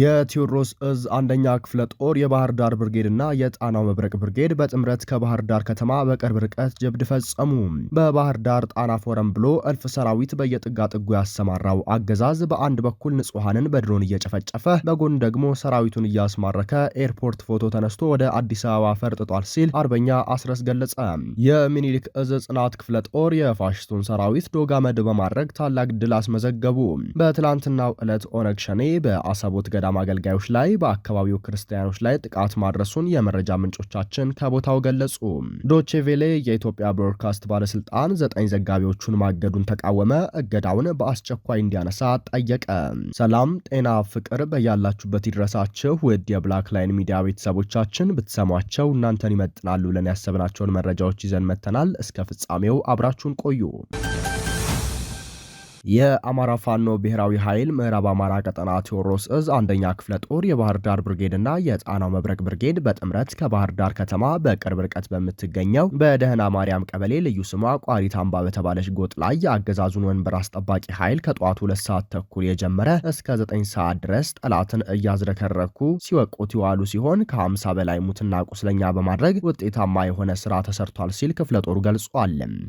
የቴዎድሮስ እዝ አንደኛ ክፍለ ጦር የባህር ዳር ብርጌድና የጣናው መብረቅ ብርጌድ በጥምረት ከባህር ዳር ከተማ በቅርብ ርቀት ጀብድ ፈጸሙ። በባህር ዳር ጣና ፎረም ብሎ እልፍ ሰራዊት በየጥጋጥጉ ያሰማራው አገዛዝ በአንድ በኩል ንጹሐንን በድሮን እየጨፈጨፈ በጎን ደግሞ ሰራዊቱን እያስማረከ ኤርፖርት ፎቶ ተነስቶ ወደ አዲስ አበባ ፈርጥጧል ሲል አርበኛ አስረስ ገለጸ። የሚኒሊክ እዝ ጽናት ክፍለ ጦር የፋሽስቱን ሰራዊት ዶጋመድ በማድረግ ታላቅ ድል አስመዘገቡ። በትላንትናው ዕለት ኦነግ ሸኔ በአሰቦት ገዳም አገልጋዮች ላይ በአካባቢው ክርስቲያኖች ላይ ጥቃት ማድረሱን የመረጃ ምንጮቻችን ከቦታው ገለጹ። ዶቼ ቬሌ የኢትዮጵያ ብሮድካስት ባለስልጣን ዘጠኝ ዘጋቢዎቹን ማገዱን ተቃወመ። እገዳውን በአስቸኳይ እንዲያነሳ ጠየቀ። ሰላም፣ ጤና፣ ፍቅር በያላችሁበት ይድረሳችሁ ውድ የብላክ ላይን ሚዲያ ቤተሰቦቻችን ብትሰሟቸው እናንተን ይመጥናሉ ብለን ያሰብናቸውን መረጃዎች ይዘን መተናል። እስከ ፍጻሜው አብራችሁን ቆዩ። የአማራ ፋኖ ብሔራዊ ኃይል ምዕራብ አማራ ቀጠና ቴዎድሮስ እዝ አንደኛ ክፍለ ጦር የባህር ዳር ብርጌድና የጣናው መብረቅ ብርጌድ በጥምረት ከባህር ዳር ከተማ በቅርብ ርቀት በምትገኘው በደህና ማርያም ቀበሌ ልዩ ስሟ ቋሪት አምባ በተባለች ጎጥ ላይ የአገዛዙን ወንበር አስጠባቂ ኃይል ከጠዋቱ ሁለት ሰዓት ተኩል የጀመረ እስከ ዘጠኝ ሰዓት ድረስ ጠላትን እያዝረከረኩ ሲወቁት ይዋሉ ሲሆን ከሀምሳ በላይ ሙትና ቁስለኛ በማድረግ ውጤታማ የሆነ ስራ ተሰርቷል ሲል ክፍለ ጦሩ ገልጿል።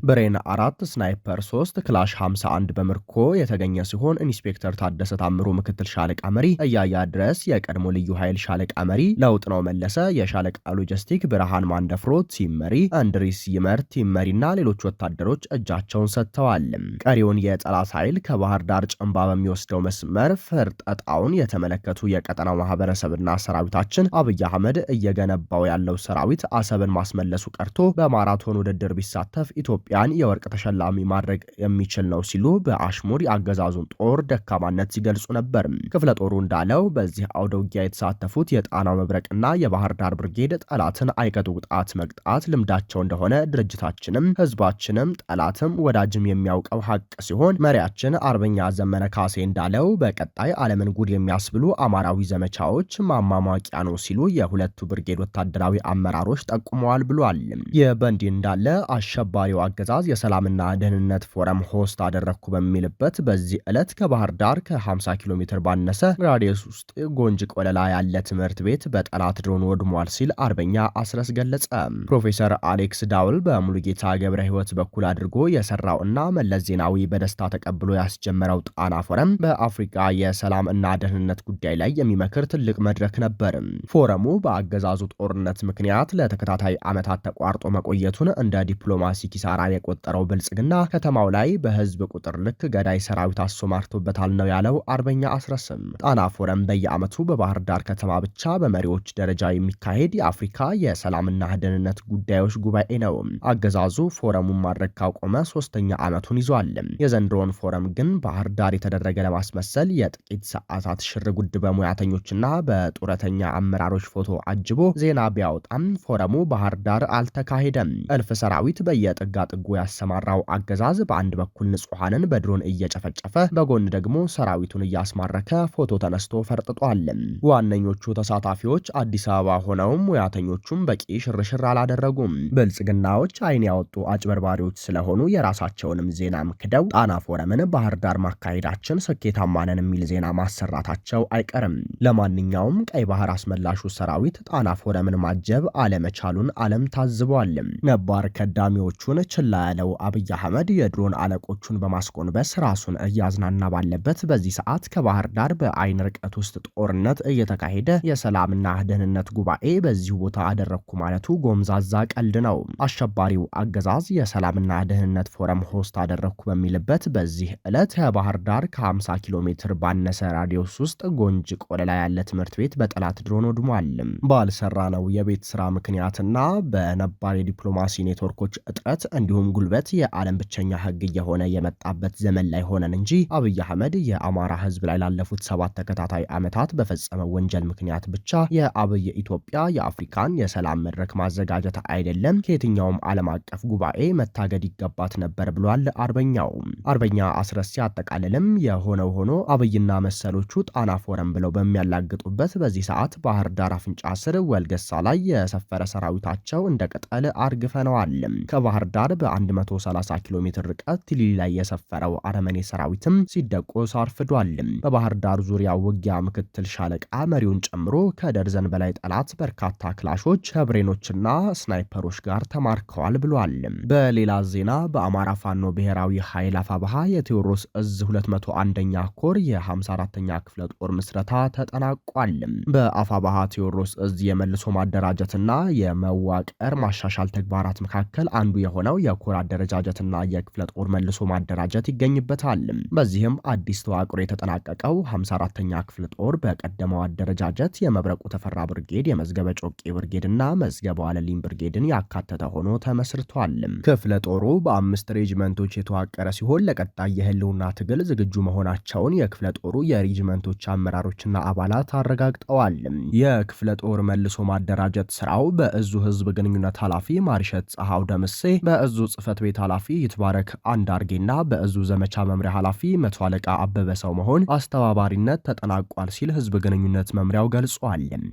ብሬን አራት ስናይፐር ሶስት ክላሽ 51 በምር ማርኮ የተገኘ ሲሆን ኢንስፔክተር ታደሰ ታምሩ ምክትል ሻለቃ መሪ፣ እያያ ድረስ የቀድሞ ልዩ ኃይል ሻለቃ መሪ፣ ለውጥ ነው መለሰ የሻለቃ ሎጂስቲክ፣ ብርሃን ማንደፍሮ ቲም መሪ፣ አንድሪስ ይመር ቲም መሪና ሌሎች ወታደሮች እጃቸውን ሰጥተዋል። ቀሪውን የጠላት ኃይል ከባህር ዳር ጭንባ በሚወስደው መስመር ፍርጠጣውን የተመለከቱ የቀጠናው ማህበረሰብና ሰራዊታችን አብይ አህመድ እየገነባው ያለው ሰራዊት አሰብን ማስመለሱ ቀርቶ በማራቶን ውድድር ቢሳተፍ ኢትዮጵያን የወርቅ ተሸላሚ ማድረግ የሚችል ነው ሲሉ በአ በአሽሙር የአገዛዙን ጦር ደካማነት ሲገልጹ ነበር። ክፍለ ጦሩ እንዳለው በዚህ አውደ ውጊያ የተሳተፉት የጣናው መብረቅና የባህር ዳር ብርጌድ ጠላትን አይቀጡ ቅጣት መቅጣት ልምዳቸው እንደሆነ ድርጅታችንም ህዝባችንም ጠላትም ወዳጅም የሚያውቀው ሀቅ ሲሆን መሪያችን አርበኛ ዘመነ ካሴ እንዳለው በቀጣይ ዓለምን ጉድ የሚያስብሉ አማራዊ ዘመቻዎች ማማሟቂያ ነው ሲሉ የሁለቱ ብርጌድ ወታደራዊ አመራሮች ጠቁመዋል ብሏል። ይህ በእንዲህ እንዳለ አሸባሪው አገዛዝ የሰላምና ደህንነት ፎረም ሆስት አደረግኩ በሚል በሚልበት በዚህ ዕለት ከባህር ዳር ከ50 ኪሎ ሜትር ባነሰ ራዲየስ ውስጥ ጎንጅ ቆለላ ያለ ትምህርት ቤት በጠላት ድሮን ወድሟል ሲል አርበኛ አስረስ ገለጸ። ፕሮፌሰር አሌክስ ዳውል በሙሉጌታ ገብረ ሕይወት በኩል አድርጎ የሰራው እና መለስ ዜናዊ በደስታ ተቀብሎ ያስጀመረው ጣና ፎረም በአፍሪካ የሰላም እና ደህንነት ጉዳይ ላይ የሚመክር ትልቅ መድረክ ነበር። ፎረሙ በአገዛዙ ጦርነት ምክንያት ለተከታታይ ዓመታት ተቋርጦ መቆየቱን እንደ ዲፕሎማሲ ኪሳራ የቆጠረው ብልጽግና ከተማው ላይ በህዝብ ቁጥር ልክ ገዳይ ሰራዊት አሶማርቶበታል ነው ያለው አርበኛ አስረስም። ጣና ፎረም በየዓመቱ በባህር ዳር ከተማ ብቻ በመሪዎች ደረጃ የሚካሄድ የአፍሪካ የሰላምና ደህንነት ጉዳዮች ጉባኤ ነው። አገዛዙ ፎረሙን ማድረግ ካቆመ ሶስተኛ ዓመቱን ይዟል። የዘንድሮውን ፎረም ግን ባህር ዳር የተደረገ ለማስመሰል የጥቂት ሰዓታት ሽር ጉድ በሙያተኞችና በጡረተኛ አመራሮች ፎቶ አጅቦ ዜና ቢያወጣም ፎረሙ ባህር ዳር አልተካሄደም። እልፍ ሰራዊት በየጥጋ ጥጉ ያሰማራው አገዛዝ በአንድ በኩል ንጹሐንን በድሮ ። ህዝቡን እየጨፈጨፈ በጎን ደግሞ ሰራዊቱን እያስማረከ ፎቶ ተነስቶ ፈርጥጧል። ዋነኞቹ ተሳታፊዎች አዲስ አበባ ሆነውም ሙያተኞቹም በቂ ሽርሽር አላደረጉም። ብልጽግናዎች አይን ያወጡ አጭበርባሪዎች ስለሆኑ የራሳቸውንም ዜና ምክደው ጣና ፎረምን ባህር ዳር ማካሄዳችን ስኬታማ ነን የሚል ዜና ማሰራታቸው አይቀርም። ለማንኛውም ቀይ ባህር አስመላሹ ሰራዊት ጣና ፎረምን ማጀብ አለመቻሉን ዓለም ታዝቧል። ነባር ከዳሚዎቹን ችላ ያለው አብይ አህመድ የድሮን አለቆቹን በማስቆንበስ ስራሱን ራሱን እያዝናና ባለበት በዚህ ሰዓት ከባህር ዳር በአይን ርቀት ውስጥ ጦርነት እየተካሄደ የሰላምና ደህንነት ጉባኤ በዚሁ ቦታ አደረግኩ ማለቱ ጎምዛዛ ቀልድ ነው። አሸባሪው አገዛዝ የሰላምና ደህንነት ፎረም ሆስት አደረግኩ በሚልበት በዚህ ዕለት ከባህር ዳር ከ50 ኪሎ ሜትር ባነሰ ራዲዮስ ውስጥ ጎንጅ ቆለላ ያለ ትምህርት ቤት በጠላት ድሮን ወድሟል። ባልሰራ ነው የቤት ስራ ምክንያትና በነባር የዲፕሎማሲ ኔትወርኮች እጥረት እንዲሁም ጉልበት የዓለም ብቸኛ ህግ እየሆነ የመጣበት ዘመን ዘመን ላይ ሆነን እንጂ አብይ አህመድ የአማራ ህዝብ ላይ ላለፉት ሰባት ተከታታይ ዓመታት በፈጸመው ወንጀል ምክንያት ብቻ የአብይ ኢትዮጵያ የአፍሪካን የሰላም መድረክ ማዘጋጀት አይደለም ከየትኛውም ዓለም አቀፍ ጉባኤ መታገድ ይገባት ነበር ብሏል። አርበኛው አርበኛ አስረስ ሲያጠቃልልም የሆነው ሆኖ አብይና መሰሎቹ ጣና ፎረም ብለው በሚያላግጡበት በዚህ ሰዓት ባህር ዳር አፍንጫ ስር ወልገሳ ላይ የሰፈረ ሰራዊታቸው እንደ ቅጠል አርግፈነዋል። ከባህር ዳር በ130 ኪሎ ሜትር ርቀት ትሊሊ ላይ የሰፈረው አረመኔ ሰራዊትም ሲደቆስ አርፍዷል። በባህር ዳር ዙሪያ ውጊያ ምክትል ሻለቃ መሪውን ጨምሮ ከደርዘን በላይ ጠላት በርካታ ክላሾች ከብሬኖችና ስናይፐሮች ጋር ተማርከዋል ብሏል። በሌላ ዜና በአማራ ፋኖ ብሔራዊ ኃይል አፋብሃ የቴዎድሮስ እዝ 201ኛ ኮር የ54ኛ ክፍለ ጦር ምስረታ ተጠናቋል። በአፋብሃ ቴዎድሮስ እዝ የመልሶ ማደራጀትና የመዋቅር ማሻሻል ተግባራት መካከል አንዱ የሆነው የኮር አደረጃጀትና የክፍለ ጦር መልሶ ማደራጀት ይገኛል። ይገኝበታል። በዚህም አዲስ ተዋቅሮ የተጠናቀቀው 54 ተኛ ክፍለ ጦር በቀደመው አደረጃጀት የመብረቁ ተፈራ ብርጌድ፣ የመዝገበ ጮቄ ብርጌድና መዝገበ አለሊን ብርጌድን ያካተተ ሆኖ ተመስርቷል። ክፍለ ጦሩ በአምስት ሬጅመንቶች የተዋቀረ ሲሆን ለቀጣይ የህልውና ትግል ዝግጁ መሆናቸውን የክፍለ ጦሩ የሬጅመንቶች አመራሮችና አባላት አረጋግጠዋል። የክፍለ ጦር መልሶ ማደራጀት ስራው በእዙ ህዝብ ግንኙነት ኃላፊ ማርሸት ጸሐው ደምሴ፣ በእዙ ጽህፈት ቤት ኃላፊ ይትባረክ አንዳርጌና በእዙ ዘመቻ መምሪያ ኃላፊ መቶ አለቃ አበበ ሰው መሆን አስተባባሪነት ተጠናቋል ሲል ህዝብ ግንኙነት መምሪያው ገልጿል።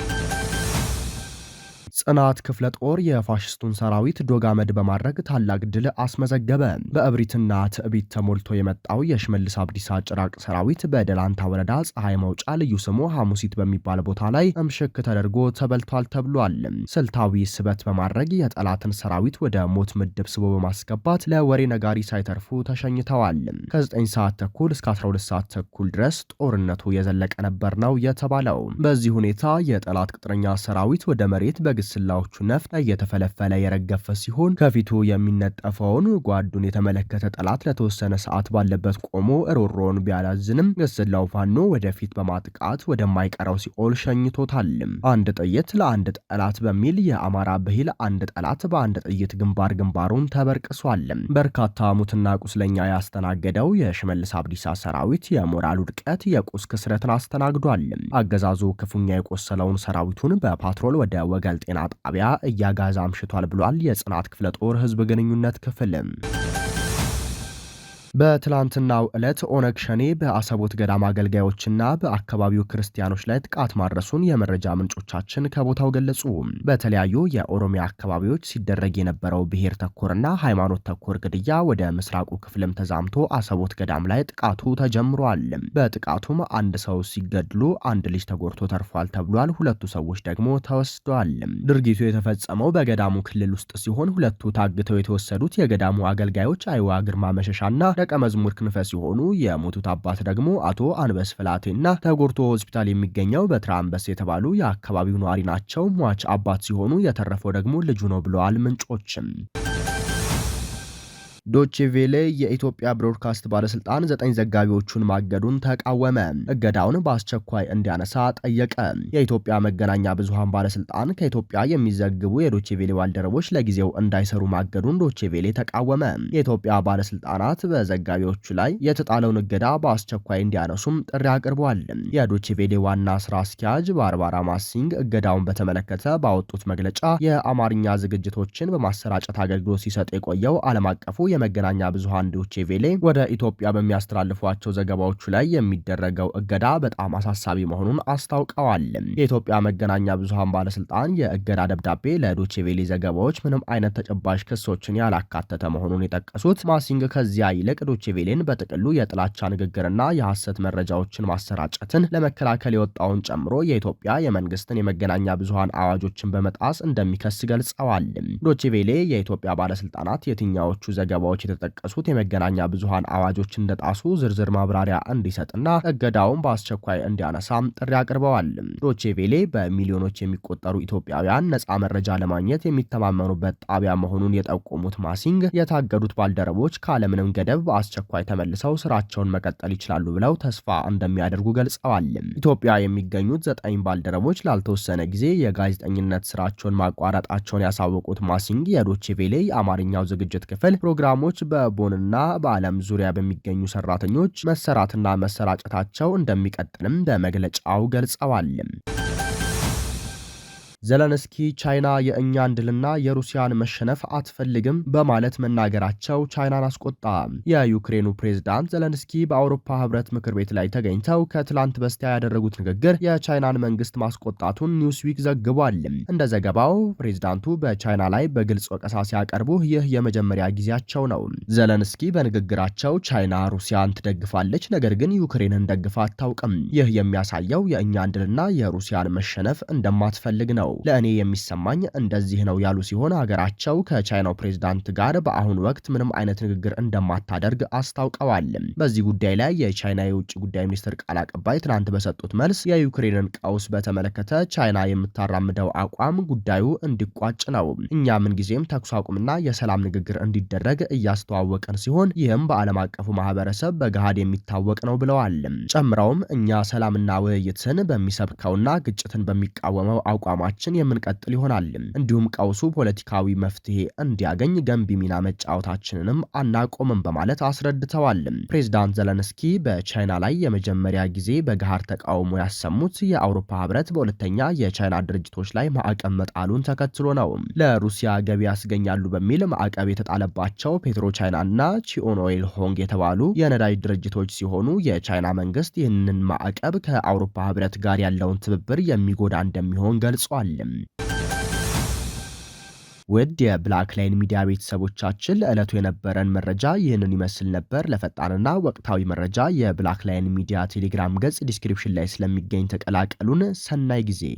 ጽናት ክፍለ ጦር የፋሽስቱን ሰራዊት ዶጋመድ በማድረግ ታላቅ ድል አስመዘገበ። በእብሪትና ትዕቢት ተሞልቶ የመጣው የሽመልስ አብዲሳ ጭራቅ ሰራዊት በደላንታ ወረዳ ፀሐይ መውጫ ልዩ ስሙ ሐሙሲት በሚባል ቦታ ላይ እምሽክ ተደርጎ ተበልቷል ተብሏል። ስልታዊ ስበት በማድረግ የጠላትን ሰራዊት ወደ ሞት ምድብ ስቦ በማስገባት ለወሬ ነጋሪ ሳይተርፉ ተሸኝተዋል። ከ9 ሰዓት ተኩል እስከ 12 ሰዓት ተኩል ድረስ ጦርነቱ የዘለቀ ነበር ነው የተባለው። በዚህ ሁኔታ የጠላት ቅጥረኛ ሰራዊት ወደ መሬት በግ ስላዎቹ ነፍጠ እየተፈለፈለ የረገፈ ሲሆን ከፊቱ የሚነጠፈውን ጓዱን የተመለከተ ጠላት ለተወሰነ ሰዓት ባለበት ቆሞ ሮሮን ቢያላዝንም የስላው ፋኖ ወደፊት በማጥቃት ወደማይቀረው ሲኦል ሸኝቶታል። አንድ ጥይት ለአንድ ጠላት በሚል የአማራ ብሂል አንድ ጠላት በአንድ ጥይት ግንባር ግንባሩን ተበርቅሷል። በርካታ ሙትና ቁስለኛ ያስተናገደው የሽመልስ አብዲሳ ሰራዊት የሞራል ውድቀት፣ የቁስ ክስረትን አስተናግዷል። አገዛዙ ክፉኛ የቆሰለውን ሰራዊቱን በፓትሮል ወደ ወገል ጤና ጤና ጣቢያ እያጋዘ አምሽቷል ብሏል የጽናት ክፍለ ጦር ህዝብ ግንኙነት ክፍልም በትላንትናው ዕለት ኦነግ ሸኔ በአሰቦት ገዳም አገልጋዮችና በአካባቢው ክርስቲያኖች ላይ ጥቃት ማድረሱን የመረጃ ምንጮቻችን ከቦታው ገለጹ። በተለያዩ የኦሮሚያ አካባቢዎች ሲደረግ የነበረው ብሔር ተኮርና ሃይማኖት ተኮር ግድያ ወደ ምስራቁ ክፍልም ተዛምቶ አሰቦት ገዳም ላይ ጥቃቱ ተጀምሯል። በጥቃቱም አንድ ሰው ሲገድሉ አንድ ልጅ ተጎድቶ ተርፏል ተብሏል። ሁለቱ ሰዎች ደግሞ ተወስደዋል። ድርጊቱ የተፈጸመው በገዳሙ ክልል ውስጥ ሲሆን ሁለቱ ታግተው የተወሰዱት የገዳሙ አገልጋዮች አይዋ ግርማ መሸሻና ደቀ መዝሙር ክንፈ ሲሆኑ የሞቱት አባት ደግሞ አቶ አንበስ ፍላቴና ተጎድቶ ሆስፒታል የሚገኘው በትረ አንበስ የተባሉ የአካባቢው ነዋሪ ናቸው። ሟች አባት ሲሆኑ የተረፈው ደግሞ ልጁ ነው ብለዋል ምንጮችም ዶችቬሌ የኢትዮጵያ ብሮድካስት ባለስልጣን ዘጠኝ ዘጋቢዎቹን ማገዱን ተቃወመ። እገዳውን በአስቸኳይ እንዲያነሳ ጠየቀ። የኢትዮጵያ መገናኛ ብዙሃን ባለስልጣን ከኢትዮጵያ የሚዘግቡ የዶችቬሌ ባልደረቦች ለጊዜው እንዳይሰሩ ማገዱን ዶችቬሌ ተቃወመ። የኢትዮጵያ ባለስልጣናት በዘጋቢዎቹ ላይ የተጣለውን እገዳ በአስቸኳይ እንዲያነሱም ጥሪ አቅርበዋል። የዶችቬሌ ዋና ስራ አስኪያጅ ባርባራ ማሲንግ እገዳውን በተመለከተ ባወጡት መግለጫ የአማርኛ ዝግጅቶችን በማሰራጨት አገልግሎት ሲሰጥ የቆየው ዓለም አቀፉ የመገናኛ ብዙሃን ዶቼ ቬሌ ወደ ኢትዮጵያ በሚያስተላልፏቸው ዘገባዎቹ ላይ የሚደረገው እገዳ በጣም አሳሳቢ መሆኑን አስታውቀዋል። የኢትዮጵያ መገናኛ ብዙሃን ባለስልጣን የእገዳ ደብዳቤ ለዶቼ ቬሌ ዘገባዎች ምንም አይነት ተጨባጭ ክሶችን ያላካተተ መሆኑን የጠቀሱት ማሲንግ ከዚያ ይልቅ ዶቼ ቬሌን በጥቅሉ የጥላቻ ንግግርና የሐሰት መረጃዎችን ማሰራጨትን ለመከላከል የወጣውን ጨምሮ የኢትዮጵያ የመንግስትን የመገናኛ ብዙሃን አዋጆችን በመጣስ እንደሚከስ ገልጸዋል። ዶቼ ቬሌ የኢትዮጵያ ባለስልጣናት የትኛዎቹ ዘገባ ዘገባዎች የተጠቀሱት የመገናኛ ብዙሃን አዋጆች እንደጣሱ ዝርዝር ማብራሪያ እንዲሰጥና እገዳውን በአስቸኳይ እንዲያነሳም ጥሪ አቅርበዋል። ዶቼ ቬሌ በሚሊዮኖች የሚቆጠሩ ኢትዮጵያውያን ነፃ መረጃ ለማግኘት የሚተማመኑበት ጣቢያ መሆኑን የጠቆሙት ማሲንግ የታገዱት ባልደረቦች ካለምንም ገደብ በአስቸኳይ ተመልሰው ስራቸውን መቀጠል ይችላሉ ብለው ተስፋ እንደሚያደርጉ ገልጸዋል። ኢትዮጵያ የሚገኙት ዘጠኝ ባልደረቦች ላልተወሰነ ጊዜ የጋዜጠኝነት ስራቸውን ማቋረጣቸውን ያሳወቁት ማሲንግ የዶቼ ቬሌ የአማርኛው ዝግጅት ክፍል ፕሮግራም ተቋሞች በቦንና በዓለም ዙሪያ በሚገኙ ሰራተኞች መሰራትና መሰራጨታቸው እንደሚቀጥልም በመግለጫው ገልጸዋል። ዘለንስኪ ቻይና የእኛን ድልና የሩሲያን መሸነፍ አትፈልግም በማለት መናገራቸው ቻይናን አስቆጣ። የዩክሬኑ ፕሬዝዳንት ዘለንስኪ በአውሮፓ ህብረት ምክር ቤት ላይ ተገኝተው ከትላንት በስቲያ ያደረጉት ንግግር የቻይናን መንግስት ማስቆጣቱን ኒውስዊክ ዘግቧል። እንደ ዘገባው ፕሬዝዳንቱ በቻይና ላይ በግልጽ ወቀሳ ሲያቀርቡ ይህ የመጀመሪያ ጊዜያቸው ነው። ዘለንስኪ በንግግራቸው ቻይና ሩሲያን ትደግፋለች፣ ነገር ግን ዩክሬንን ደግፋ አታውቅም። ይህ የሚያሳየው የእኛን ድልና የሩሲያን መሸነፍ እንደማትፈልግ ነው። ለእኔ የሚሰማኝ እንደዚህ ነው ያሉ ሲሆን ሀገራቸው ከቻይናው ፕሬዝዳንት ጋር በአሁኑ ወቅት ምንም አይነት ንግግር እንደማታደርግ አስታውቀዋል። በዚህ ጉዳይ ላይ የቻይና የውጭ ጉዳይ ሚኒስትር ቃል አቀባይ ትናንት በሰጡት መልስ የዩክሬንን ቀውስ በተመለከተ ቻይና የምታራምደው አቋም ጉዳዩ እንዲቋጭ ነው። እኛ ምንጊዜም ተኩስ አቁምና የሰላም ንግግር እንዲደረግ እያስተዋወቅን ሲሆን ይህም በዓለም አቀፉ ማህበረሰብ በገሃድ የሚታወቅ ነው ብለዋል። ጨምረውም እኛ ሰላምና ውይይትን በሚሰብከውና ግጭትን በሚቃወመው አቋማችን መሆናችን የምንቀጥል ይሆናል። እንዲሁም ቀውሱ ፖለቲካዊ መፍትሄ እንዲያገኝ ገንቢ ሚና መጫወታችንንም አናቆምም በማለት አስረድተዋል። ፕሬዚዳንት ዘለንስኪ በቻይና ላይ የመጀመሪያ ጊዜ በገሃር ተቃውሞ ያሰሙት የአውሮፓ ህብረት በሁለተኛ የቻይና ድርጅቶች ላይ ማዕቀብ መጣሉን ተከትሎ ነው። ለሩሲያ ገቢ ያስገኛሉ በሚል ማዕቀብ የተጣለባቸው ፔትሮ ቻይና ቻይናና ቺኦኖኤል ሆንግ የተባሉ የነዳጅ ድርጅቶች ሲሆኑ የቻይና መንግስት ይህንን ማዕቀብ ከአውሮፓ ህብረት ጋር ያለውን ትብብር የሚጎዳ እንደሚሆን ገልጿል። ተናግረዋል። ውድ የብላክ ላይን ሚዲያ ቤተሰቦቻችን ለዕለቱ የነበረን መረጃ ይህንን ይመስል ነበር። ለፈጣንና ወቅታዊ መረጃ የብላክ ላይን ሚዲያ ቴሌግራም ገጽ ዲስክሪፕሽን ላይ ስለሚገኝ ተቀላቀሉን። ሰናይ ጊዜ